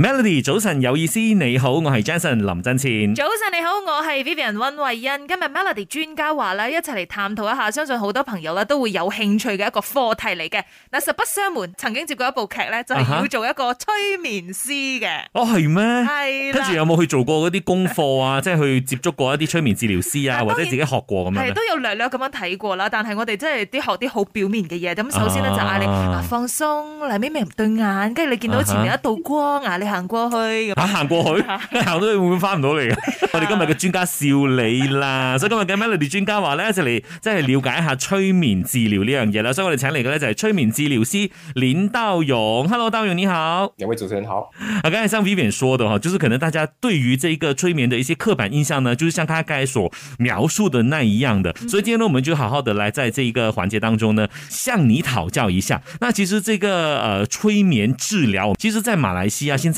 Melody，早晨有意思，你好，我係 Jason 林振前。早晨你好，我係 Vivian 溫慧欣。今日 Melody 專家話咧，一齊嚟探討一下，相信好多朋友咧都會有興趣嘅一個課題嚟嘅。嗱，實不相瞞，曾經接過一部劇咧，就係、是、要做一個催眠師嘅、啊。哦，係咩？係。跟住有冇去做過嗰啲功課啊？ 即係去接觸過一啲催眠治療師啊，啊，或者自己學過咁樣。係都有略略咁樣睇過啦，但係我哋真係啲學啲好表面嘅嘢。咁首先咧就嗌你啊，啊，啊，啊放鬆，嚟眯眯對眼，跟住你見到前面一道光啊你。啊行過去，行行過去，行到去會唔會翻唔到嚟啊？我哋今日嘅專家笑、, 啊、你啦，所以今日嘅 Melody 專家話咧，就嚟即係了解下催眠治療呢樣嘢啦。所以我哋請嚟嘅咧就係催眠治療師林道勇。Hello，道勇你好。兩位主持人好。啊，剛才像 Vivian 說的哈，就是可能大家對於這一個催眠嘅一些刻板印象呢，就是像他剛才所描述的那一樣的。所以今日呢，我們就好好地來在這一個環節當中呢，向你討教一下。那其實這個誒、呃、催眠治療，其實在馬來西亞現在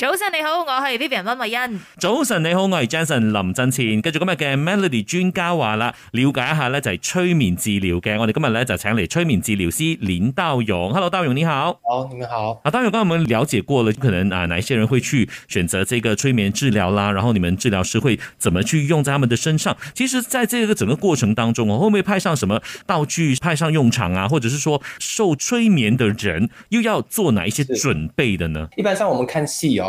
早晨你好，我係 Vivian 溫慧欣。早晨你好，我係 Jason 林振前。繼續今日嘅 Melody 專家話啦，了解一下呢就係催眠治療嘅。我哋今日呢就請嚟催眠治療師林道勇。Hello，道勇你好。好，oh，你們好。啊，道勇，剛剛我們了解過了，可能啊，哪一些人會去選擇這個催眠治療啦？然後你們治療師會怎麼去用在他們的身上？其實，在這個整個過程當中，我會唔會派上什麼道具派上用場啊？或者是說，受催眠的人又要做哪一些準備的呢？一般上，我們看戲哦。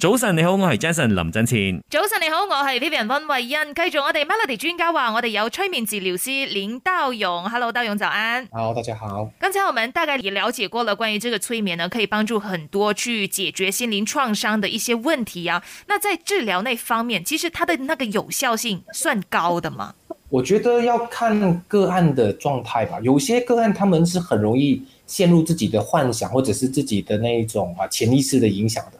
早晨，你好，我係 Jason 林振清。早晨，你好，我係 Vivian 溫慧欣。繼續我哋 Melody 專家話，我哋有催眠治療師林道勇。Hello，道勇，早安。Hello, 大家好。剛才我們大概也了解過了，關於這個催眠呢，可以幫助很多去解決心靈創傷的一些問題啊。那在治療那方面，其實它的那個有效性算高的嗎？ 我覺得要看個案的狀態吧。有些個案他們是很容易陷入自己的幻想，或者是自己的那一種啊潛意識的影響的。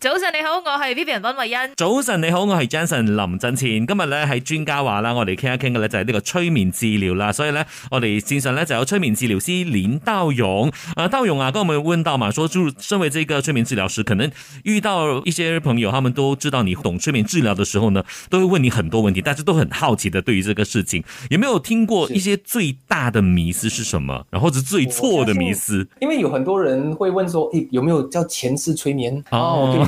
早晨你好，我是 Vivian 溫慧欣。早晨你好，我是 Jensen 林振前。今日呢，喺專家話啦，我哋傾一傾嘅咧就係、是、呢個催眠治療啦。所以呢，我哋先生呢，就有催眠治療師林道勇啊，道勇啊，跟我們問到嘛，說就身為這個催眠治療師，可能遇到一些朋友，他們都知道你懂催眠治療的時候呢，都會問你很多問題，但是都很好奇的。對於這個事情，有沒有聽過一些最大的迷思是什麼，然後是，是最錯的迷思？因為有很多人會問說，誒、欸，有沒有叫前世催眠、哦哦